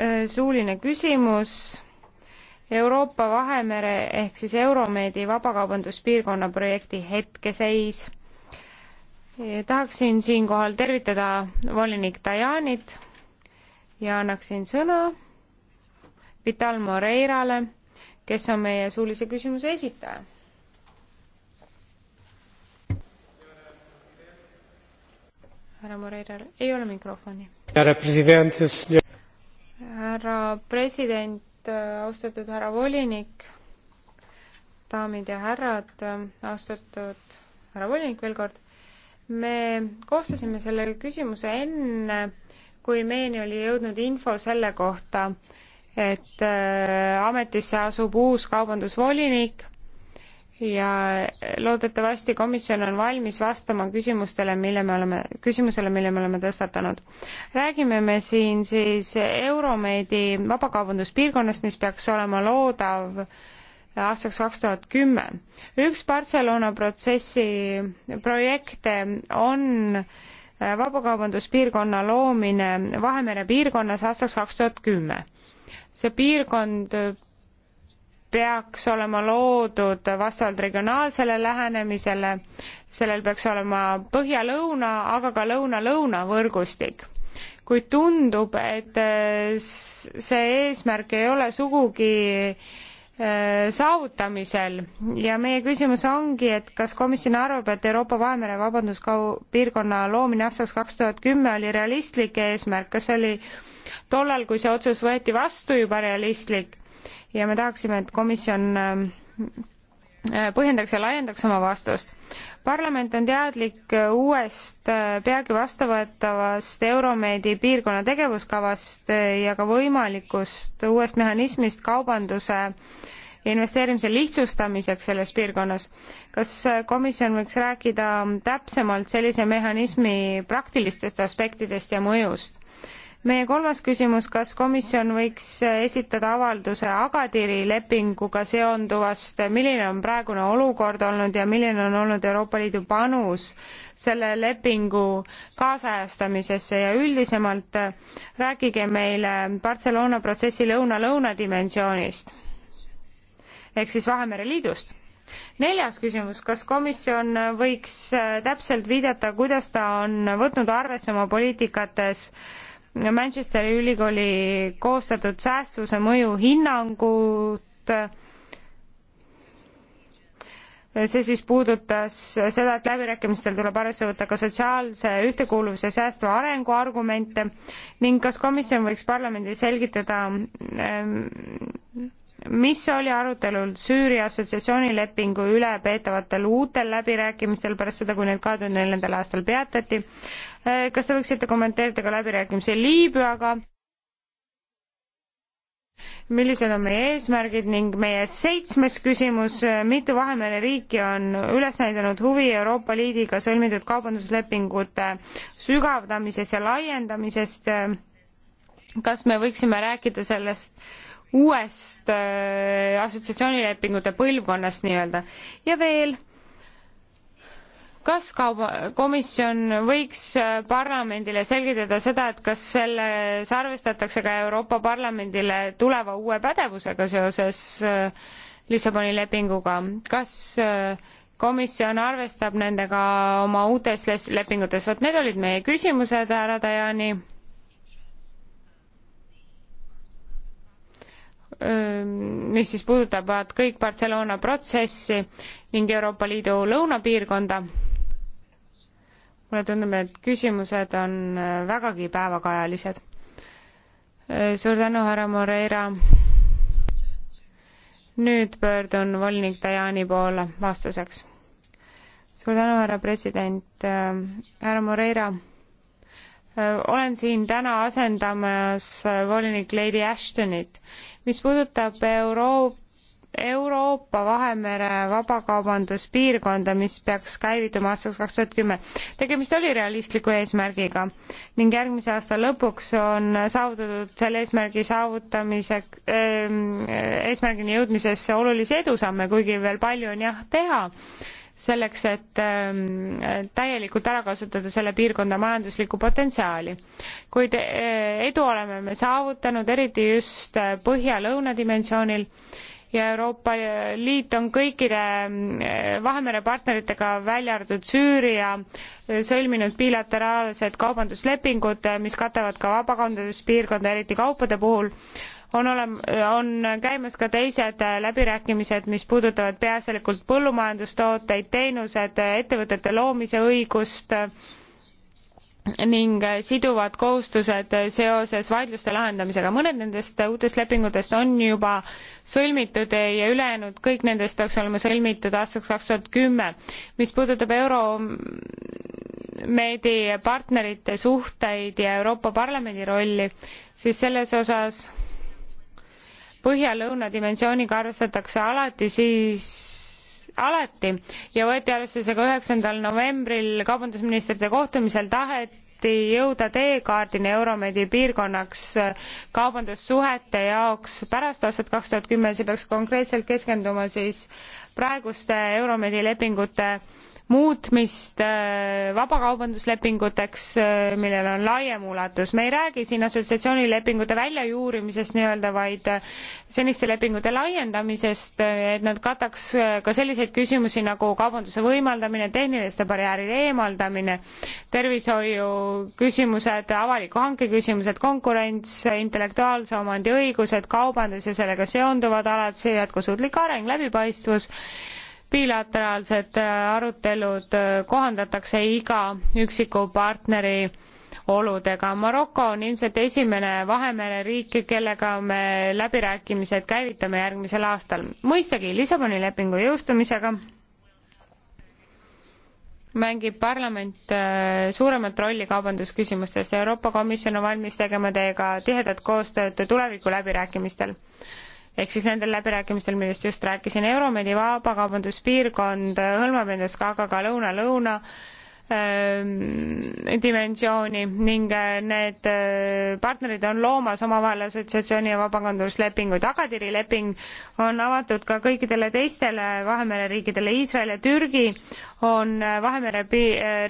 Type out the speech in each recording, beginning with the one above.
Äh, suuline küsimus Euroopa Vahemere ehk siis Euromeedi vabakaubanduspiirkonna projekti hetkeseis. tahaksin siinkohal tervitada volinik Dajanit ja annaksin sõna Vital Moreirale, kes on meie suulise küsimuse esitaja. härra Moreiral ei ole mikrofoni. härra president, härra president, austatud härra volinik, daamid ja härrad, austatud härra volinik veel kord, me koostasime selle küsimuse enne, kui meieni oli jõudnud info selle kohta, et äh, ametisse asub uus kaubandusvolinik ja loodetavasti komisjon on valmis vastama küsimustele, mille me oleme, küsimusele, mille me oleme tõstatanud. räägime me siin siis Euromeedi vabakaubanduspiirkonnast, mis peaks olema loodav aastaks kaks tuhat kümme. üks Barcelona protsessi projekte on vabakaubanduspiirkonna loomine Vahemere piirkonnas aastaks kaks tuhat kümme. see piirkond peaks olema loodud vastavalt regionaalsele lähenemisele, sellel peaks olema põhja-lõuna, aga ka lõuna-lõuna võrgustik. kuid tundub, et äh, see eesmärk ei ole sugugi äh, saavutamisel ja meie küsimus ongi, et kas komisjon arvab, et Euroopa Vahemere Vabanduspiirkonna loomine aastaks kaks tuhat kümme oli realistlik eesmärk, kas oli tollal, kui see otsus võeti vastu juba realistlik ja me tahaksime, et komisjon ähm, äh, põhjendaks ja laiendaks oma vastust. parlament on teadlik äh, uuest äh, peagi vastuvõetavast Euromeedi piirkonna tegevuskavast ja ka võimalikust uuest mehhanismist kaubanduse ja investeerimise lihtsustamiseks selles piirkonnas. kas komisjon võiks rääkida ähm, täpsemalt sellise mehhanismi praktilistest aspektidest ja mõjust? meie kolmas küsimus, kas komisjon võiks esitada avalduse Agadiri lepinguga seonduvast, milline on praegune olukord olnud ja milline on olnud Euroopa Liidu panus selle lepingu kaasajastamisesse ja üldisemalt äh, rääkige meile Barcelona protsessi lõuna-lõuna dimensioonist ehk siis Vahemere Liidust neljas küsimus, kas komisjon võiks äh, täpselt viidata, kuidas ta on võtnud arvesse oma poliitikates äh, Manchesteri ülikooli koostatud säästuse mõju hinnangut. see siis puudutas seda, et läbirääkimistel tuleb arvesse võtta ka sotsiaalse ühtekuuluvuse säästva arengu argumente ning kas komisjon võiks parlamendile selgitada ähm, mis oli arutelul Süüria assotsiatsioonilepingu üle peetavatel uutel läbirääkimistel pärast seda, kui need kahe tuhande neljandal aastal peatati. Eh, kas te võiksite kommenteerida ka läbirääkimisi Liibüaga? millised on meie eesmärgid ning meie seitsmes küsimus, eh, mitu Vahemere riiki on üles näidanud huvi Euroopa Liidiga sõlmitud kaubanduslepingute sügavdamisest ja laiendamisest? Eh, kas me võiksime rääkida sellest äh, uuest äh, assotsiatsioonilepingute põlvkonnast nii-öelda. ja veel, kas kauba, komisjon võiks äh, parlamendile selgitada seda, et kas selles arvestatakse ka Euroopa Parlamendile tuleva uue pädevusega seoses äh, Lissaboni lepinguga, kas komisjon arvestab nendega oma uutes lepingutes, vot need olid meie küsimused, härra Tajani mis siis puudutavad kõik Barcelona protsessi ning Euroopa Liidu lõunapiirkonda. mulle tundub, et küsimused on vägagi päevakajalised. suur tänu, härra Moreira. nüüd pöördun volinik Dajani poole vastuseks. suur tänu, härra president, härra Moreira olen siin täna asendamas volinik Lady Ashtonit. mis puudutab Euro-, Euroopa Vahemere vabakaubanduspiirkonda, mis peaks käivituma aastaks kaks tuhat kümme. tegemist oli realistliku eesmärgiga ning järgmise aasta lõpuks on saavutatud selle eesmärgi saavutamise, ehm, eesmärgini jõudmisesse olulisi edusamme, kuigi veel palju on jah teha selleks, et ähm, täielikult ära kasutada selle piirkonna majanduslikku potentsiaali. kuid äh, edu oleme me saavutanud, eriti just äh, põhja-lõuna dimensioonil ja Euroopa Liit on kõikide ähm, Vahemere partneritega, välja arvatud Süüria, äh, sõlminud bilateraalsed kaubanduslepingud, mis katavad ka vabakondades piirkonda, eriti kaupade puhul on olem-, on käimas ka teised läbirääkimised, mis puudutavad peaasjalikult põllumajandustooteid, teenused, ettevõtete loomise õigust ning siduvad kohustused seoses vaidluste lahendamisega. mõned nendest uutest lepingutest on juba sõlmitud ja ülejäänud kõik nendest peaks olema sõlmitud aastaks kaks tuhat kümme. mis puudutab euro meedi partnerite suhteid ja Euroopa Parlamendi rolli, siis selles osas põhja-lõuna dimensiooniga arvestatakse alati siis alati ja võeti arvesse ka üheksandal novembril kaubandusministrite kohtumisel tahet taheti jõuda teekaardini Euromedi piirkonnaks kaubandussuhete jaoks pärast aastat kaks tuhat kümme, see peaks konkreetselt keskenduma siis praeguste Euromedi lepingute muutmist äh, vabakaubanduslepinguteks, äh, millel on laiem ulatus. me ei räägi siin assotsiatsioonilepingute väljajuurimisest nii-öelda, vaid äh, seniste lepingute laiendamisest, et nad kataks ka selliseid küsimusi nagu kaubanduse võimaldamine, tehniliste barjääride eemaldamine, tervishoiu küsimused, avaliku hanke küsimused, konkurents, intellektuaalse omandi õigused, kaubandus ja sellega seonduvad alad, see jätkusuutlik areng, läbipaistvus bilateraalsed äh, arutelud äh, kohandatakse iga üksiku partneri oludega. Maroko on ilmselt esimene Vahemere riik, kellega me läbirääkimised käivitame järgmisel aastal. mõistagi, Lissaboni lepingu jõustumisega mängib parlament äh, suuremat rolli kaubandusküsimustes. Euroopa Komisjon on valmis tegema teiega tihedat koostööd tulevikuläbirääkimistel ehk siis nendel läbirääkimistel, millest just rääkisin, Euromedi vabakaubanduspiirkond hõlmab endas ka aga ka lõuna-lõuna ähm, dimensiooni ning äh, need äh, partnerid on loomas omavahel assotsiatsiooni ja vabakaubanduslepinguid. Agadiri leping on avatud ka kõikidele teistele Vahemere riikidele. Iisrael ja Türgi on äh, Vahemere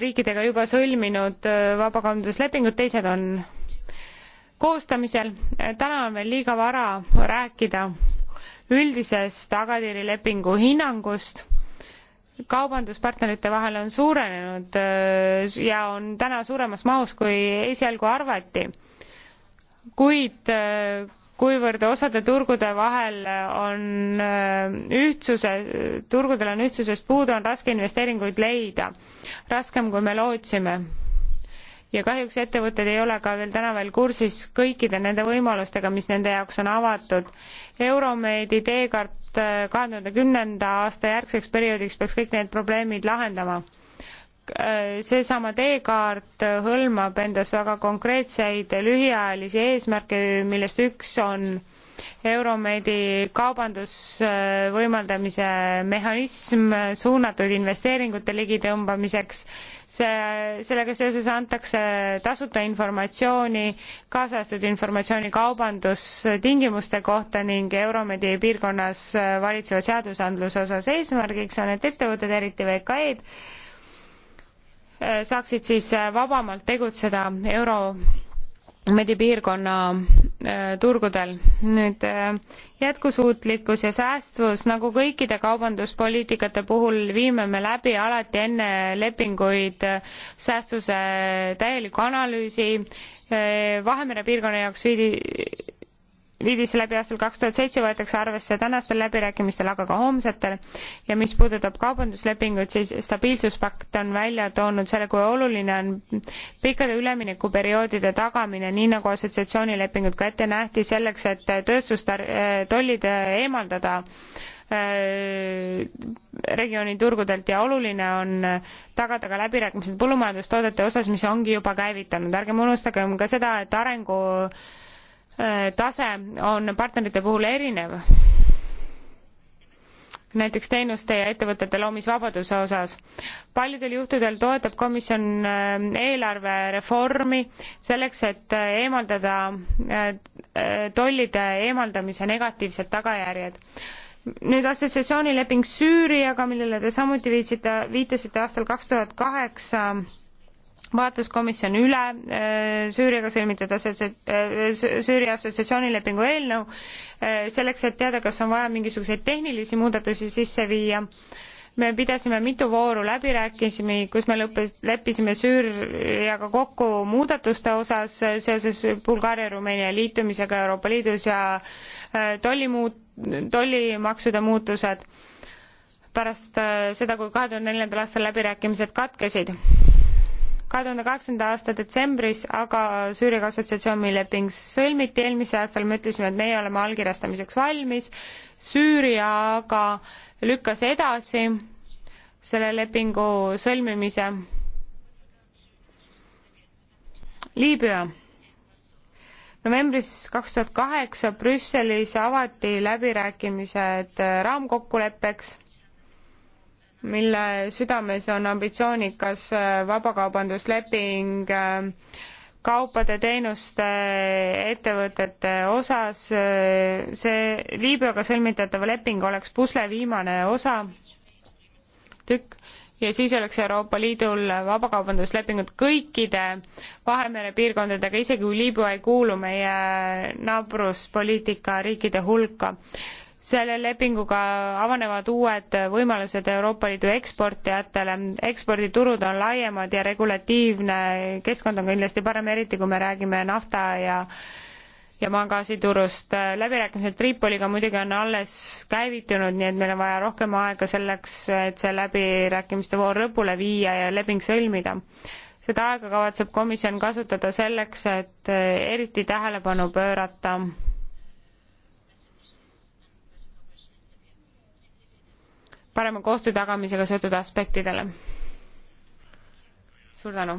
riikidega juba sõlminud vabakaubanduslepingud, teised on koostamisel. täna on veel liiga vara rääkida üldisest Agadiri lepingu hinnangust kaubanduspartnerite vahel on suurenenud äh, ja on täna suuremas mahus, kui esialgu arvati. kuid äh, kuivõrd osade turgude vahel on äh, ühtsuse, turgudel on ühtsusest puudu, on raske investeeringuid leida, raskem kui me lootsime ja kahjuks ettevõtted ei ole ka veel täna veel kursis kõikide nende võimalustega, mis nende jaoks on avatud. Euromeedi teekaart äh, kahe tuhande kümnenda aasta järgseks perioodiks peaks kõik need probleemid lahendama. Äh, seesama teekaart äh, hõlmab endas väga konkreetseid lühiajalisi eesmärke, millest üks on Euromeidi kaubandusvõimaldamise mehhanism suunatud investeeringute ligitõmbamiseks. see, sellega seoses antakse tasuta informatsiooni, kaasajastatud informatsiooni kaubandustingimuste kohta ning Euromeidi piirkonnas valitseva seadusandluse osas eesmärgiks on, et ettevõtted, eriti VKE-d, saaksid siis vabamalt tegutseda Euro Medi piirkonna Äh, turgudel. nüüd äh, jätkusuutlikkus ja säästvus, nagu kõikide kaubanduspoliitikate puhul, viime me läbi alati enne lepinguid äh, säästuse täieliku analüüsi, Vahemere piirkonna jaoks viidi viidis läbi aastal kaks tuhat seitse võetakse arvesse tänastel läbirääkimistel, aga ka homsetel ja mis puudutab kaubanduslepingut, siis stabiilsuspakt on välja toonud selle, kui oluline on pikkade üleminekuperioodide tagamine, nii nagu assotsiatsioonilepingud ka ette nähti, selleks et tööstustar-, äh, tollid äh, eemaldada äh, regiooni turgudelt ja oluline on tagada ka läbirääkimised põllumajandustoodete osas, mis ongi juba käivitanud, ärgem unustagem ka seda, et arengu äh, Äh, tase on partnerite puhul erinev. näiteks teenuste ja ettevõtete loomisvabaduse osas. paljudel juhtudel toetab komisjon äh, eelarvereformi selleks, et äh, eemaldada tollide eemaldamise negatiivsed tagajärjed nüüd assotsiatsioonileping Süüriaga, millele te samuti viitsite, viitasite aastal kaks tuhat kaheksa vaatas komisjon üle äh, Süüriaga sõlmitud äh, Süüria assotsiatsioonilepingu eelnõu äh, selleks, et teada, kas on vaja mingisuguseid tehnilisi muudatusi sisse viia me pidasime mitu vooru läbirääkimisi, kus me lõppes, leppisime Süüriaga kokku muudatuste osas seoses Bulgaaria ja Rumeenia liitumisega Euroopa Liidus ja tollimuut-, tollimaksude muutused pärast seda, kui kahe tuhande neljandal aastal läbirääkimised katkesid kahe tuhande kaheksanda aasta detsembris aga Süüriaga assotsiatsioonileping sõlmiti, eelmisel aastal me ütlesime, et meie oleme allkirjastamiseks valmis, Süüria aga lükkas edasi selle lepingu sõlmimise. Liibüa. novembris kaks tuhat kaheksa Brüsselis avati läbirääkimised raamkokkuleppeks mille südames on ambitsioonikas äh, vabakaubandusleping äh, kaupade, teenuste, ettevõtete osas. Äh, see Liibüaga sõlmitatav leping oleks pusle viimane osa, tükk, ja siis oleks Euroopa Liidul vabakaubanduslepingud kõikide Vahemere piirkondadega, isegi kui Liibüa ei kuulu meie naabruspoliitika riikide hulka selle lepinguga avanevad uued võimalused Euroopa Liidu eksportijatele, eksporditurud on laiemad ja regulatiivne keskkond on kindlasti parem, eriti kui me räägime nafta ja ja maagaasiturust. läbirääkimised Tripoliga muidugi on alles käivitunud, nii et meil on vaja rohkem aega selleks, et see läbirääkimiste voor lõpule viia ja leping sõlmida. seda aega kavatseb komisjon kasutada selleks, et eriti tähelepanu pöörata parema koostöö tagamisega seotud aspektidele. suur tänu.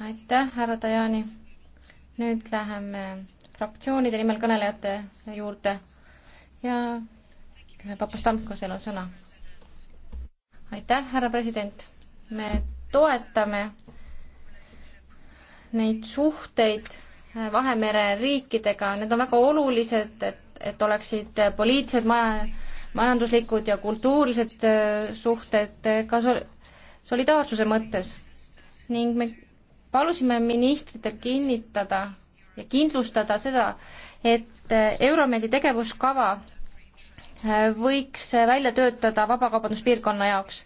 aitäh, härra Tajani. nüüd läheme fraktsioonide nimel kõnelejate juurde ja Papastamkosel on sõna. aitäh, härra president. me toetame neid suhteid Vahemere riikidega, need on väga olulised et oleksid poliitilised, maja, majanduslikud ja kultuurilised äh, suhted äh, ka sol-, solidaarsuse mõttes. ning me palusime ministritel kinnitada ja kindlustada seda, et äh, Euromeedi tegevuskava võiks välja töötada vabakaubanduspiirkonna jaoks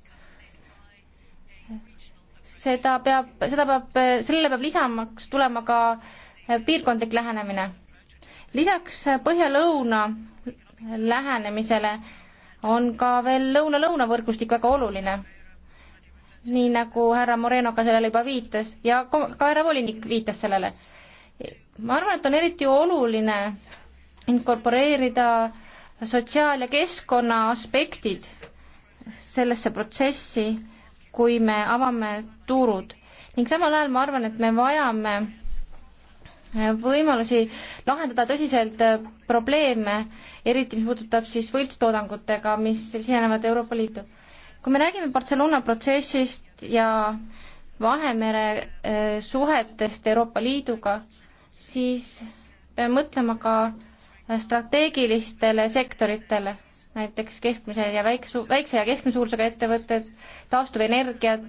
seda peab, seda peab, sellele peab lisamaks tulema ka piirkondlik lähenemine lisaks põhja-lõuna lähenemisele on ka veel lõuna-lõuna võrgustik väga oluline, nii nagu härra Moreno ka sellele juba viitas ja ka härra volinik viitas sellele. ma arvan, et on eriti oluline inkorporeerida sotsiaal- ja keskkonna aspektid sellesse protsessi, kui me avame turud ning samal ajal ma arvan, et me vajame Äh, võimalusi lahendada tõsiselt äh, probleeme, eriti mis puudutab siis võltstoodangutega, mis sisenevad Euroopa Liitu. kui me räägime Barcelona protsessist ja Vahemere äh, suhetest Euroopa Liiduga, siis peame mõtlema ka strateegilistele sektoritele, näiteks keskmise ja väikse, väikse ja keskmise suurusega ettevõtted, taastuvenergiad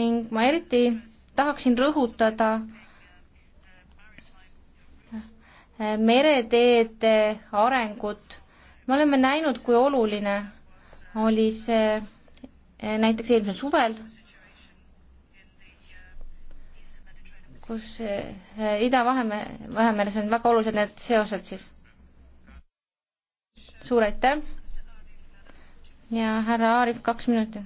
ning ma eriti tahaksin rõhutada äh, mereteede arengut. me oleme näinud, kui oluline oli see eh, näiteks eelmisel suvel, kus eh, Ida-Vahemere, Vahemeres on väga olulised need seosed siis. suur aitäh ja härra Aarif, kaks minutit.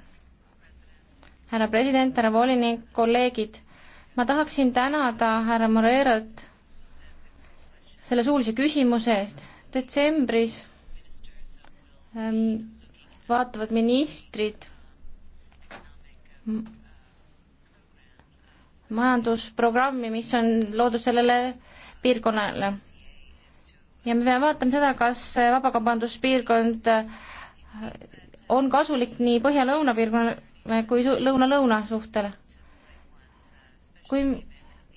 härra president, härra volinik, kolleegid, ma tahaksin tänada härra Moreerot selle suulise küsimuse eest. detsembris ähm, vaatavad ministrid majandusprogrammi, mis on loodud sellele piirkonnale. ja me peame vaatama seda, kas vabakaubanduspiirkond äh, on kasulik nii põhja-lõuna piirkonnale kui lõuna-lõuna suhtele. kui,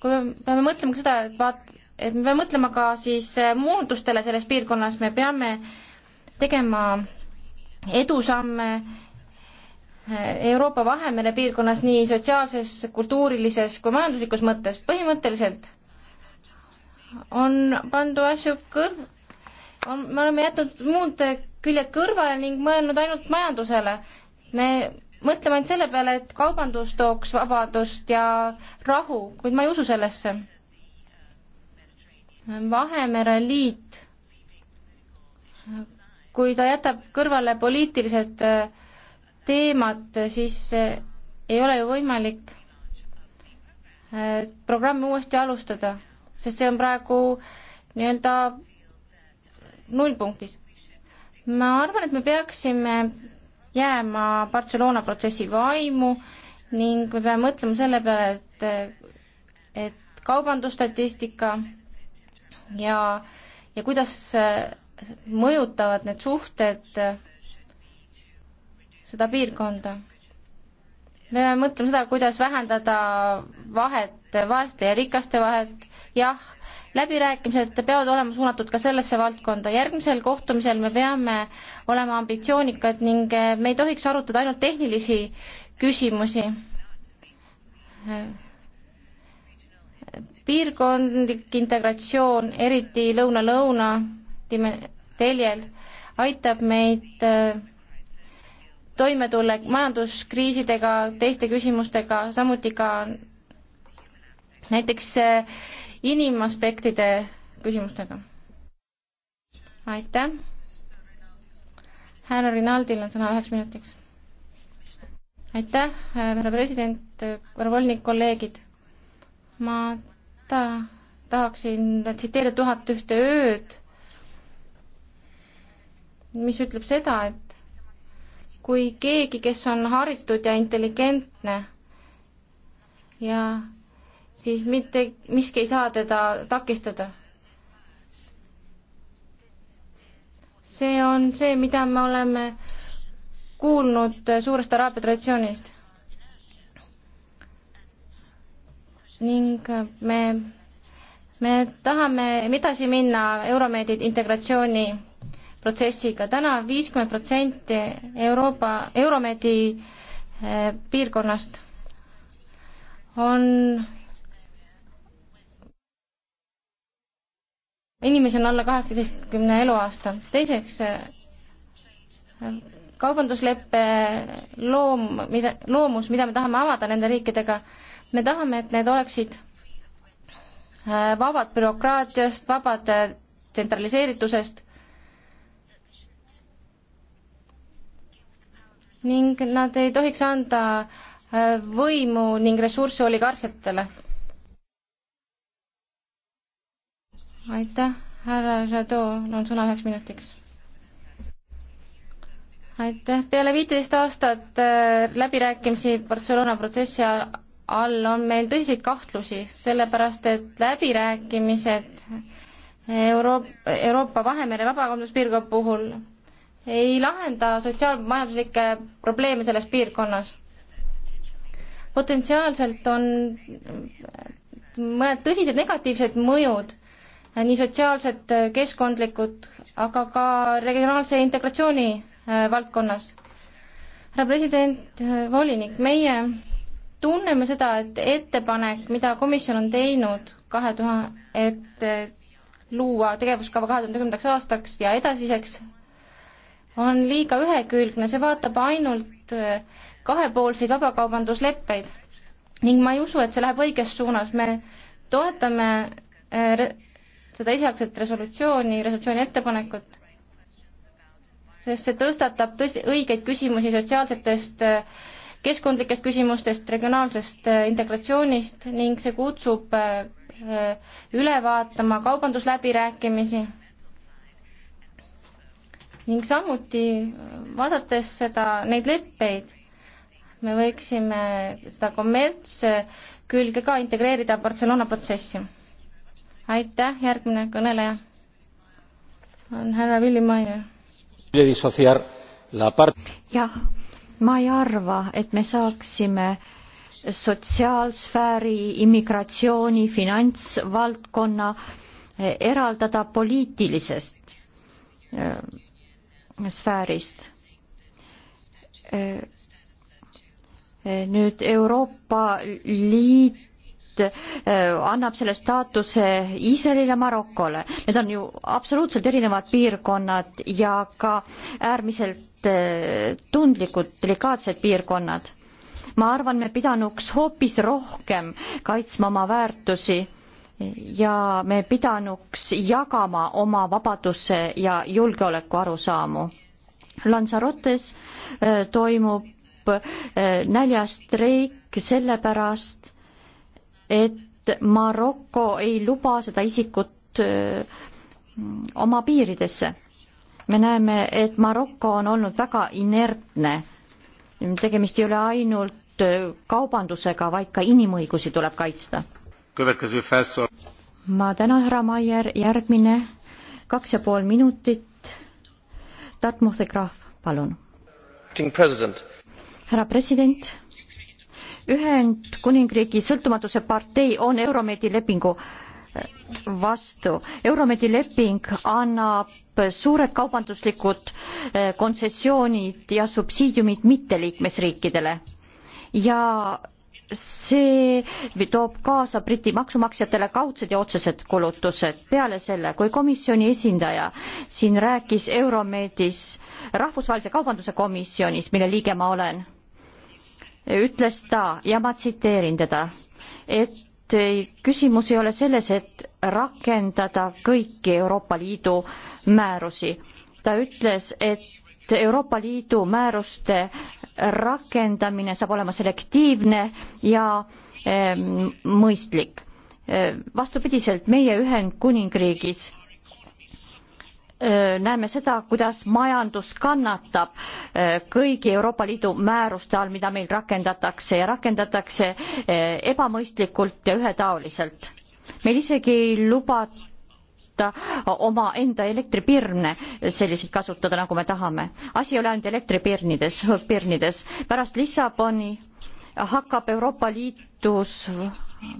kui me peame mõtlema seda, et vaat-, et me peame mõtlema ka siis äh, muutustele selles piirkonnas, me peame tegema edusamme äh, Euroopa Vahemere piirkonnas nii sotsiaalses, kultuurilises kui majanduslikus mõttes, põhimõtteliselt on pandu asju kõrv-, on, me oleme jätnud muud küljed kõrvale ning mõelnud ainult majandusele. me mõtleme ainult selle peale, et kaubandus tooks vabadust ja rahu, kuid ma ei usu sellesse Vahemere liit, kui ta jätab kõrvale poliitilised äh, teemad, siis äh, ei ole ju võimalik äh, programmi uuesti alustada, sest see on praegu nii-öelda nullpunktis. ma arvan, et me peaksime jääma Barcelona protsessi vaimu ning me peame mõtlema selle peale, et, et kaubandusstatistika ja, ja kuidas äh, mõjutavad need suhted äh, seda piirkonda. me peame mõtlema seda, kuidas vähendada vahet äh, vaeste ja rikaste vahet, jah, läbirääkimised peavad olema suunatud ka sellesse valdkonda. järgmisel kohtumisel me peame olema ambitsioonikad ning me ei tohiks arutada ainult tehnilisi küsimusi piirkondlik integratsioon, eriti lõuna-lõuna teljel, aitab meid äh, toime tulla majanduskriisidega, teiste küsimustega, samuti ka näiteks äh, inimaspektide küsimustega. aitäh. härra Rinaldil on sõna üheks minutiks. aitäh, härra president, härra volinik, kolleegid. ma ta, tahaksin tsiteerida Tuhat ühte ööd, mis ütleb seda, et kui keegi, kes on haritud ja intelligentne ja siis mitte miski ei saa teda takistada. see on see, mida me oleme kuulnud suurest araabia traditsioonist ning me, me tahame edasi minna Euromeedi integratsiooni protsessiga. täna viiskümmend protsenti Euroopa, Euromeedi eh, piirkonnast on, inimesi on alla kaheksateistkümne eluaasta. teiseks, eh, kaubandusleppe loom, mida, loomus, mida me tahame avada nende riikidega, me tahame, et need oleksid äh, vabad bürokraatiast, vabad äh, tsentraliseeritusest ning nad ei tohiks anda äh, võimu ning ressursse oligarhiatele. aitäh, härra Jadot, on sõna üheks minutiks aitäh, peale viiteist aastat läbirääkimisi Barcelona protsessi all on meil tõsiseid kahtlusi, sellepärast et läbirääkimised Euroop-, Euroopa Vahemere vabakaubanduspiirkonna puhul ei lahenda sotsiaalmajanduslikke probleeme selles piirkonnas. potentsiaalselt on mõned tõsised negatiivsed mõjud, nii sotsiaalsed, keskkondlikud, aga ka regionaalse integratsiooni äh, valdkonnas. härra president, äh, volinik, meie tunneme seda, et ettepanek, mida komisjon on teinud kahe tuhande, et luua tegevuskava kahe tuhande kümnendaks aastaks ja edasiseks, on liiga ühekülgne, see vaatab ainult äh, kahepoolseid vabakaubandusleppeid ning ma ei usu, et see läheb õiges suunas, me toetame äh, seda esialgset resolutsiooni, resolutsiooni ettepanekut sest see tõstatab tõsi, õigeid küsimusi sotsiaalsetest äh, keskkondlikest küsimustest, regionaalsest äh, integratsioonist ning see kutsub äh, üle vaatama kaubandusläbirääkimisi ning samuti äh, vaadates seda, neid leppeid, me võiksime seda kommertskülge ka integreerida Barcelona protsessi. aitäh, järgmine kõneleja on härra Willy Maier. jah ma ei arva, et me saaksime sotsiaalsfääri, immigratsiooni, finantsvaldkonna eraldada poliitilisest äh, sfäärist. Äh, nüüd Euroopa Liit äh, annab selle staatuse Iisraelile, Marokole. Need on ju absoluutselt erinevad piirkonnad ja ka äärmiselt Eh, tundlikud, delikaatsed piirkonnad. ma arvan, me pidanuks hoopis rohkem kaitsma oma väärtusi ja me pidanuks jagama oma vabaduse ja julgeoleku arusaamu. Lanzarotes eh, toimub eh, näljastreik sellepärast, et Maroko ei luba seda isikut oma piiridesse me näeme, et Maroko on olnud väga inertne. tegemist ei ole ainult kaubandusega, vaid ka inimõigusi tuleb kaitsta. ma tänan, härra Maier, järgmine kaks ja pool minutit. Tatmuse krahv, palun. härra president, Ühendkuningriigi sõltumatuse partei on Euromeedi lepingu äh, vastu. Euromedi leping annab suured kaubanduslikud eh, kontsessioonid ja subsiidiumid mitteliikmesriikidele ja see toob kaasa Briti maksumaksjatele kaudsed ja otsesed kulutused. peale selle, kui komisjoni esindaja siin rääkis Euromedis rahvusvahelise kaubanduse komisjonis, mille liige ma olen, ütles ta ja ma tsiteerin teda, et küsimus ei ole selles, et rakendada kõiki Euroopa Liidu määrusi. ta ütles, et Euroopa Liidu määruste rakendamine saab olema selektiivne ja eh, mõistlik. Eh, vastupidiselt meie Ühendkuningriigis näeme seda, kuidas majandus kannatab kõigi Euroopa Liidu määruste all, mida meil rakendatakse ja rakendatakse ebamõistlikult ja ühetaoliselt. meil isegi ei lubata omaenda elektripirne selliseid kasutada, nagu me tahame. asi ei ole ainult elektripirnides, pirnides. pärast Lissaboni hakkab Euroopa Liidus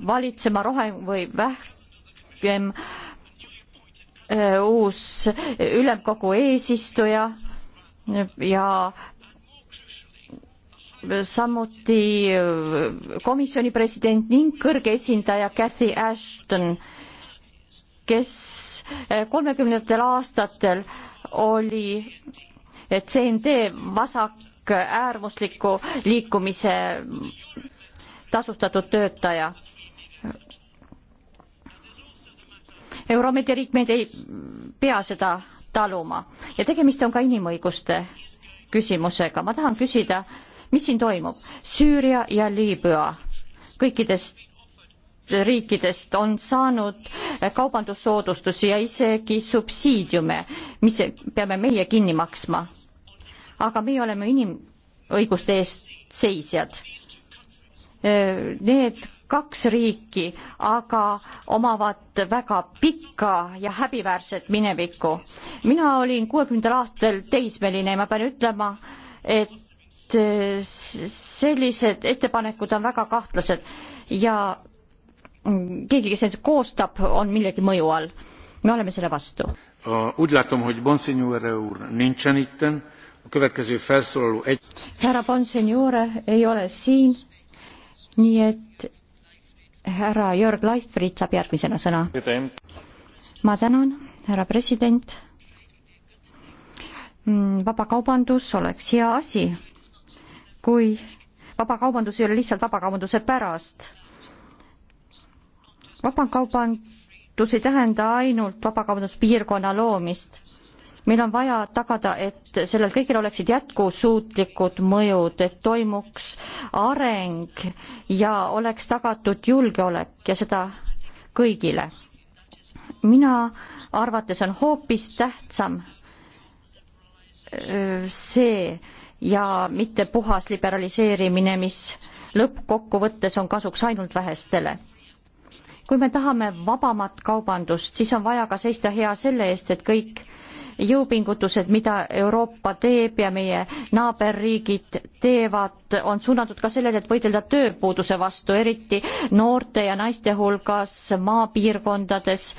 valitsema rohe- või vähkem äh, Äh, uus ülemkogu eesistuja ja samuti äh, komisjoni president ning kõrge esindaja Cathy Ashton, kes äh, kolmekümnendatel aastatel oli CND vasak äärmusliku liikumise tasustatud töötaja Euromedi liikmed ei pea seda taluma ja tegemist on ka inimõiguste küsimusega. ma tahan küsida, mis siin toimub? Süüria ja Liibüa kõikidest riikidest on saanud kaubandussoodustusi ja isegi subsiidiume, mis peame meie kinni maksma. aga meie oleme inimõiguste eest seisjad. Need kaks riiki, aga omavad väga pikka ja häbiväärset minevikku. mina olin kuuekümnendal aastatel teismeline ja ma pean ütlema, et äh, sellised ettepanekud on väga kahtlased ja keegi, kes neid koostab, on millegi mõju all. me oleme selle vastu. härra Bonsignore ei ole siin, nii et härra Jörg Leifrid saab järgmisena sõna. ma tänan, härra president. Mm, vabakaubandus oleks hea asi, kui vabakaubandus ei ole lihtsalt vabakaubanduse pärast. vabakaubandus ei tähenda ainult vabakaubanduspiirkonna loomist meil on vaja tagada, et sellel kõigil oleksid jätkusuutlikud mõjud, et toimuks areng ja oleks tagatud julgeolek ja seda kõigile. mina arvates on hoopis tähtsam see ja mitte puhas liberaliseerimine, mis lõppkokkuvõttes on kasuks ainult vähestele kui me tahame vabamat kaubandust, siis on vaja ka seista hea selle eest, et kõik jõupingutused, mida Euroopa teeb ja meie naaberriigid teevad, on suunatud ka sellele, et võidelda tööpuuduse vastu, eriti noorte ja naiste hulgas maapiirkondades.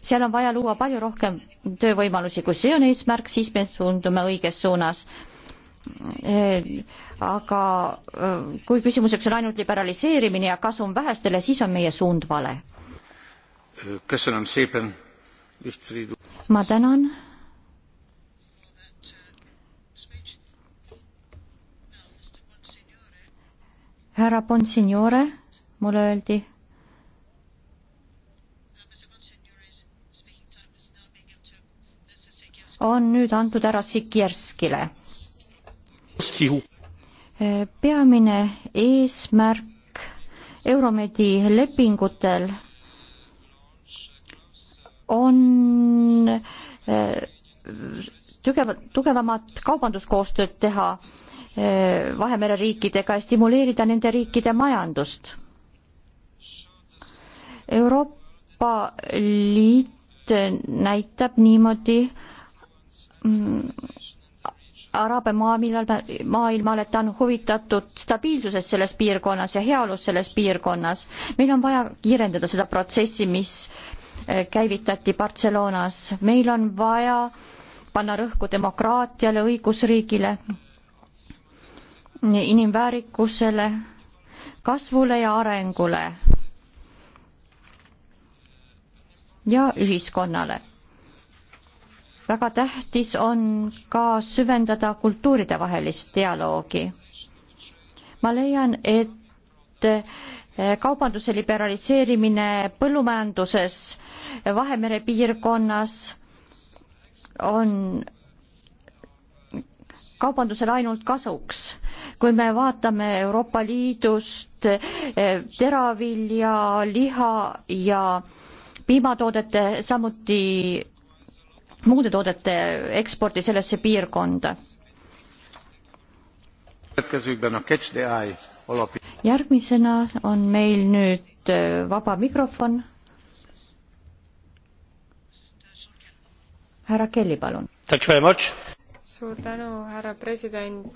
seal on vaja luua palju rohkem töövõimalusi, kui see on eesmärk, siis me suundume õiges suunas aga äh, kui küsimuseks on ainult liberaliseerimine ja kasum vähestele, siis on meie suund vale. ma tänan härra Bonsignore, mulle öeldi. on nüüd antud ära Sikierskile. peamine eesmärk Euromedi lepingutel on eh, tugev, tugevamat kaubanduskoostööd teha Eh, Vahemere riikidega ja stimuleerida nende riikide majandust. Euroopa Liit näitab niimoodi mm, araabia maailmale, et ta on huvitatud stabiilsusest selles piirkonnas ja heaolust selles piirkonnas. meil on vaja kiirendada seda protsessi, mis eh, käivitati Barcelonas. meil on vaja panna rõhku demokraatiale, õigusriigile inimväärikusele, kasvule ja arengule ja ühiskonnale. väga tähtis on ka süvendada kultuuridevahelist dialoogi. ma leian, et eh, kaubanduse liberaliseerimine põllumajanduses Vahemere piirkonnas on kaubandusele ainult kasuks kui me vaatame Euroopa Liidust eh, teravilja, liha ja piimatoodete, samuti muude toodete eksporti sellesse piirkonda. järgmisena on meil nüüd eh, vaba mikrofon. härra Kelly, palun suur tänu, härra president.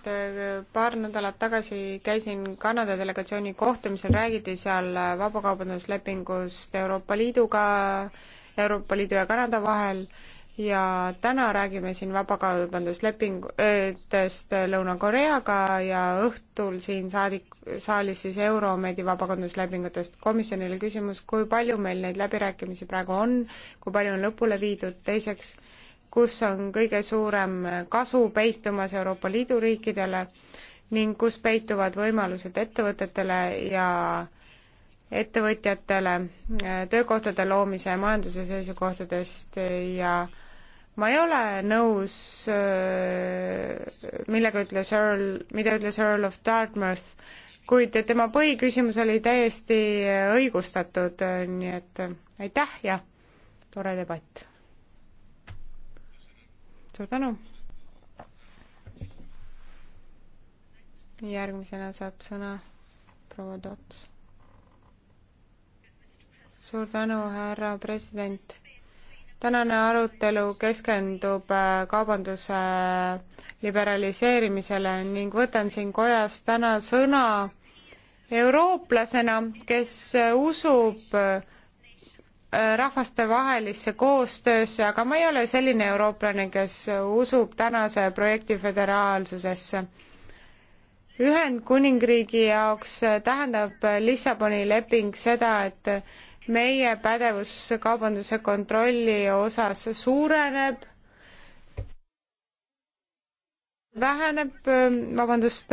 paar nädalat tagasi käisin Kanada delegatsiooni kohtumisel, räägiti seal vabakaubanduslepingust Euroopa Liiduga, Euroopa Liidu ja Kanada vahel ja täna räägime siin vabakaubanduslepingutest Lõuna-Koreaga ja õhtul siin saadik, saalis siis Euromedi vabakaubanduslepingutest. komisjonile küsimus, kui palju meil neid läbirääkimisi praegu on, kui palju on lõpule viidud, teiseks kus on kõige suurem kasu peitumas Euroopa Liidu riikidele ning kus peituvad võimalused ettevõtetele ja ettevõtjatele äh, töökohtade loomise ja majanduse seisukohtadest äh, ja ma ei ole nõus, äh, millega ütles Earl, mida ütles Earl of Dartmouth, kuid tema põhiküsimus oli täiesti õigustatud, nii et aitäh ja tore debatt suur tänu. järgmisena saab sõna proua Tots. suur tänu, härra president tänane arutelu keskendub äh, kaubanduse äh, liberaliseerimisele ning võtan siin kojas täna sõna eurooplasena, kes äh, usub rahvastevahelisse koostöösse, aga ma ei ole selline eurooplane, kes usub tänase projekti föderaalsusesse. Ühendkuningriigi jaoks tähendab Lissaboni leping seda, et meie pädevus kaubanduse kontrolli osas suureneb, väheneb, vabandust,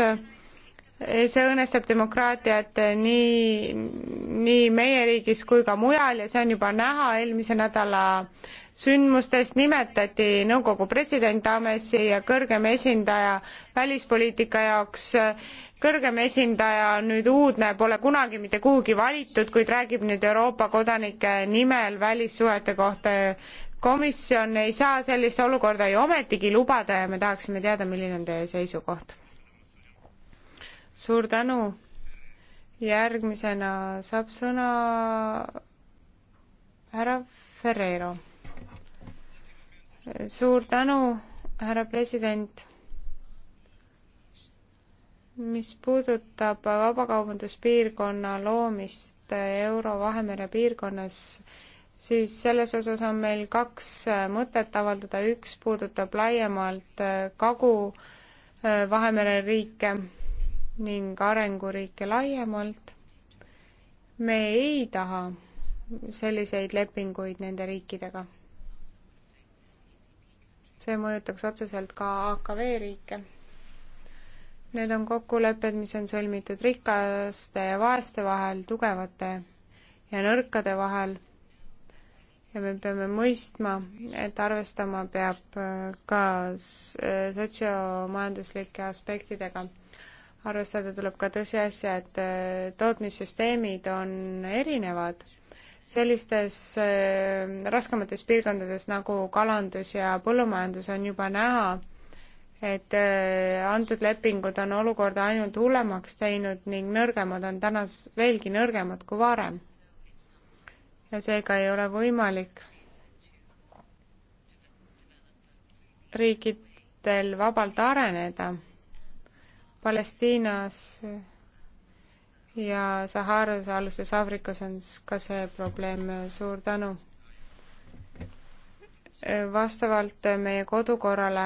see õõnestab demokraatiat nii nii meie riigis kui ka mujal ja see on juba näha eelmise nädala sündmustest nimetati nõukogu president Amesi ja kõrgem esindaja välispoliitika jaoks. kõrgem esindaja on nüüd uudne, pole kunagi mitte kuhugi valitud, kuid räägib nüüd Euroopa kodanike nimel välissuhete kohta. komisjon ei saa sellist olukorda ju ometigi lubada ja me tahaksime teada, milline on teie seisukoht. suur tänu järgmisena saab sõna härra Ferreiro. suur tänu, härra president. mis puudutab vabakaubanduspiirkonna loomist Euro-Vahemere piirkonnas, siis selles osas on meil kaks mõtet avaldada, üks puudutab laiemalt Kagu-Vahemere riike ning arenguriike laiemalt. me ei taha selliseid lepinguid nende riikidega. see mõjutaks otseselt ka AKV riike. Need on kokkulepped, mis on sõlmitud rikaste ja vaeste vahel, tugevate ja nõrkade vahel. ja me peame mõistma, et arvestama peab ka sotsiomajanduslikke aspektidega arvestada tuleb ka tõsiasja, et äh, tootmissüsteemid on erinevad. sellistes äh, raskemates piirkondades nagu kalandus ja põllumajandus on juba näha, et äh, antud lepingud on olukorda ainult hullemaks teinud ning nõrgemad on tänas veelgi nõrgemad kui varem. ja seega ei ole võimalik riikidel vabalt areneda Palestiinas ja Sahara saaluses Aafrikas on ka see probleem, suur tänu. vastavalt meie kodukorrale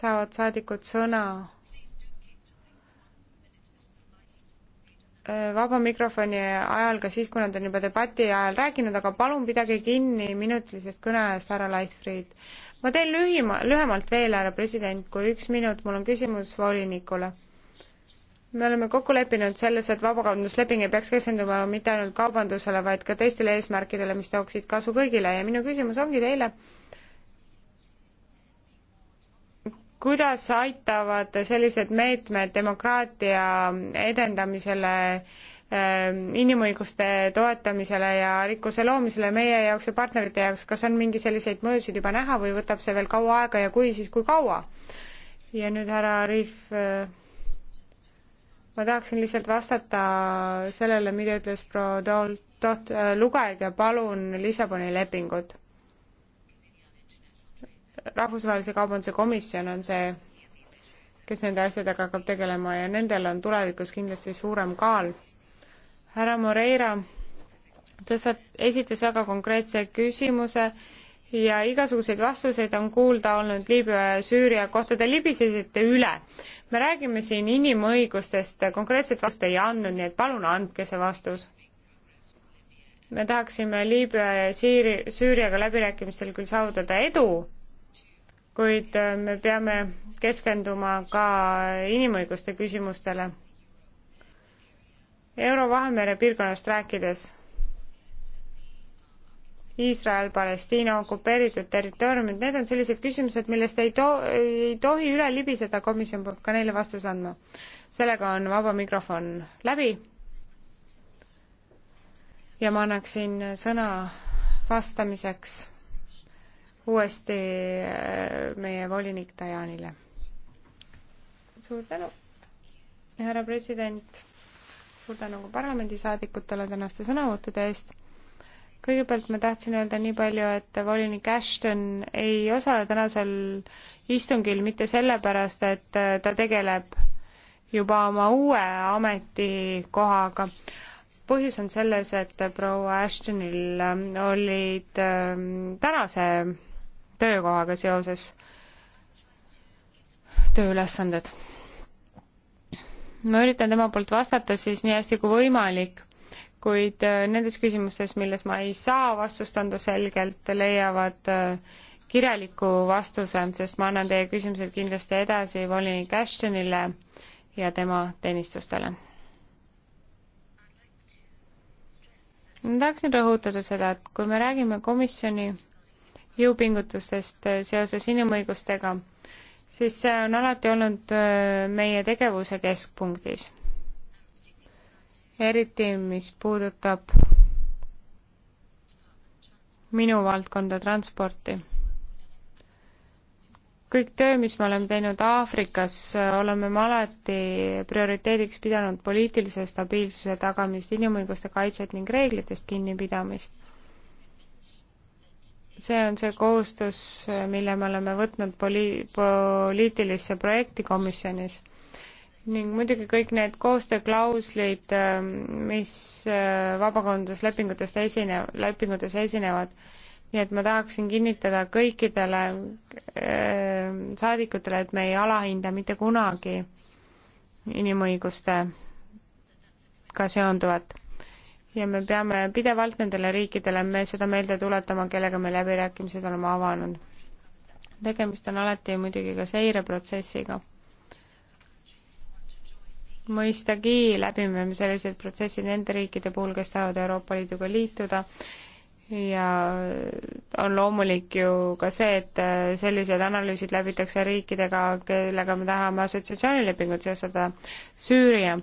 saavad saadikud sõna vaba mikrofoni ajal ka siis, kui nad on juba debati ajal rääkinud, aga palun pidage kinni minutilisest kõneajast, härra Leifrid. ma teen lühima, lühemalt veel, härra president, kui üks minut, mul on küsimus volinikule me oleme kokku leppinud selles, et vabakaubandusleping ei peaks keskenduma mitte ainult kaubandusele, vaid ka teistele eesmärkidele, mis tooksid kasu kõigile ja minu küsimus ongi teile, kuidas aitavad sellised meetmed demokraatia edendamisele, ähm, inimõiguste toetamisele ja rikkuse loomisele meie jaoks ja partnerite jaoks, kas on mingi selliseid mõjusid juba näha või võtab see veel kaua aega ja kui, siis kui kaua? ja nüüd härra Arif, äh, ma tahaksin lihtsalt vastata sellele, mida ütles proua Toot, äh, lugege palun Lissaboni lepingut rahvusvahelise kaubanduse komisjon on see, kes nende asjadega hakkab tegelema ja nendel on tulevikus kindlasti suurem kaal. härra Moreira tõstat-, esitas väga konkreetse küsimuse ja igasuguseid vastuseid on kuulda olnud Liibüa ja Süüria kohta, te libisesite üle. me räägime siin inimõigustest, konkreetset vastust ei andnud, nii et palun andke see vastus. me tahaksime Liibüa ja Siiri, Süüriaga läbirääkimistel küll saavutada edu, kuid äh, me peame keskenduma ka inimõiguste küsimustele. Euro-Vahemere piirkonnast rääkides, Iisrael, Palestiina okupeeritud territooriumid, need on sellised küsimused, millest ei too, ei tohi üle libiseda, komisjon peab ka neile vastuse andma. sellega on vaba mikrofon läbi. ja ma annaksin sõna vastamiseks uuesti äh, meie volinik Dajanile. suur tänu, härra president, suur tänu ka parlamendisaadikutele tänaste sõnavõttude eest kõigepealt ma tahtsin öelda nii palju, et volinik Ashton ei osale tänasel istungil mitte sellepärast, et äh, ta tegeleb juba oma uue ametikohaga. põhjus on selles, et proua Ashtonil äh, olid tänase töökohaga seoses tööülesanded. ma üritan tema poolt vastata siis nii hästi kui võimalik, kuid äh, nendes küsimustes, milles ma ei saa vastust anda selgelt, leiavad äh, kirjaliku vastuse, sest ma annan teie küsimused kindlasti edasi volinik Ashtonile ja tema teenistustele ma tahaksin rõhutada seda, et kui me räägime komisjoni jõupingutustest äh, seoses inimõigustega, siis see on alati olnud äh, meie tegevuse keskpunktis. eriti, mis puudutab minu valdkonda, transporti. kõik töö, mis me oleme teinud Aafrikas, äh, oleme me alati prioriteediks pidanud poliitilise stabiilsuse tagamist, inimõiguste kaitset ning reeglitest kinnipidamist see on see kohustus, mille me oleme võtnud poli-, poliitilisse projekti komisjonis. ning muidugi kõik need koostööklauslid, mis äh, vabakondaduslepingutest esine-, lepingutes esinevad, nii et ma tahaksin kinnitada kõikidele äh, saadikutele, et me ei alahinda mitte kunagi inimõiguste ka seonduvat ja me peame pidevalt nendele riikidele me seda meelde tuletama, kellega me läbirääkimised oleme avanud. tegemist on alati muidugi ka seireprotsessiga. mõistagi läbime me selliseid protsesse nende riikide puhul, kes tahavad Euroopa Liiduga liituda ja on loomulik ju ka see, et äh, sellised analüüsid läbitakse riikidega, kellega me tahame assotsiatsioonilepingut seostada, Süüria.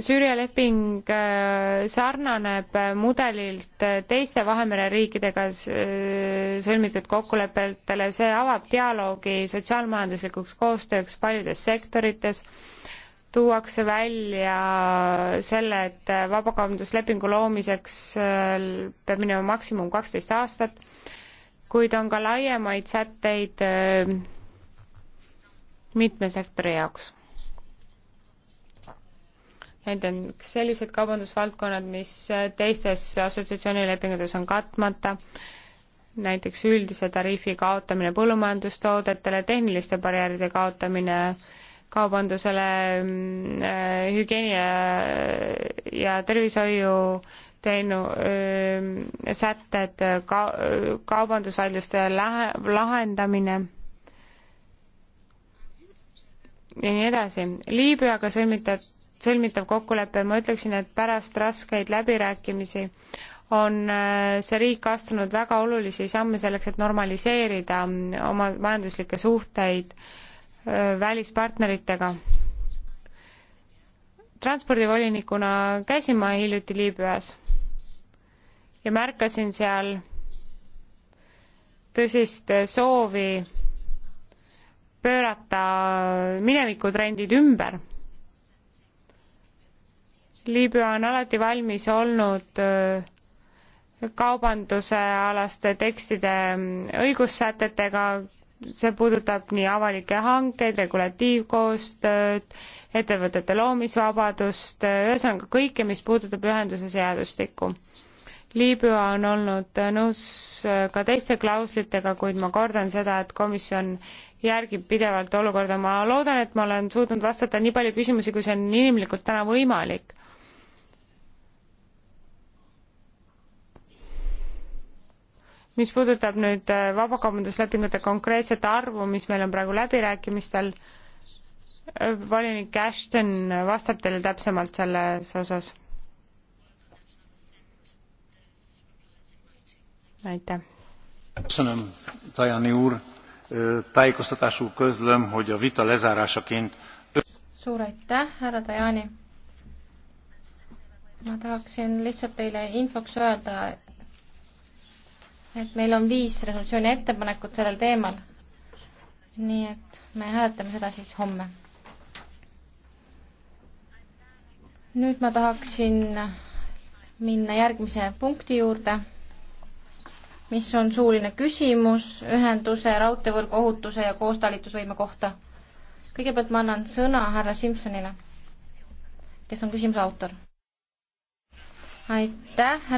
Süüria leping äh, sarnaneb äh, mudelilt teiste Vahemere riikidega sõlmitud kokkulepetele, see avab dialoogi sotsiaalmajanduslikuks koostööks paljudes sektorites tuuakse välja selle, et vabakaubanduslepingu loomiseks äh, peab minema maksimum kaksteist aastat, kuid on ka laiemaid sätteid äh, mitme sektori jaoks. näiteks sellised kaubandusvaldkonnad, mis äh, teistes assotsiatsioonilepingutes on katmata, näiteks üldise tariifi kaotamine põllumajandustoodetele, tehniliste barjääride kaotamine äh, kaubandusele, mm, äh, hügieeni ja, ja tervishoiu teenu-, äh, sätted, ka-, kaubandusvaidluste lähe-, lahendamine ja nii edasi. Liibüaga sõlmitud, sõlmitav kokkulepe, ma ütleksin, et pärast raskeid läbirääkimisi on äh, see riik astunud väga olulisi samme selleks, et normaliseerida mm, oma majanduslikke suhteid äh, välispartneritega. transpordivolinikuna käisin ma hiljuti Liibüas ja märkasin seal tõsist soovi pöörata minevikutrendid ümber. Liibüa on alati valmis olnud äh, kaubandusealaste tekstide äh, õigussätetega see puudutab nii avalikke hankeid, regulatiivkoostööd, ettevõtete loomisvabadust, ühesõnaga kõike, mis puudutab ühenduse seadustikku. Liibüa on olnud nõus ka teiste klauslitega, kuid ma kordan seda, et komisjon järgib pidevalt olukorda, ma loodan, et ma olen suutnud vastata nii palju küsimusi, kui see on inimlikult täna võimalik mis puudutab nüüd äh, vabakaubanduslepingute konkreetset arvu, mis meil on praegu läbirääkimistel, äh, volinik Ashton vastab teile täpsemalt selles osas. aitäh. köszönöm, Tajani úr. Tájékoztatásul közlöm, hogy a vita lezárásaként... Suur aitäh, härra Tajani. Ma tahaksin lihtsalt teile infoks öelda, et meil on viis resolutsiooni ettepanekut sellel teemal. nii et me hääletame seda siis homme. nüüd ma tahaksin minna järgmise punkti juurde, mis on suuline küsimus ühenduse raudteevõrgu ohutuse ja koostalitusvõime kohta. kõigepealt ma annan sõna härra Simsonile, kes on küsimuse autor. aitäh.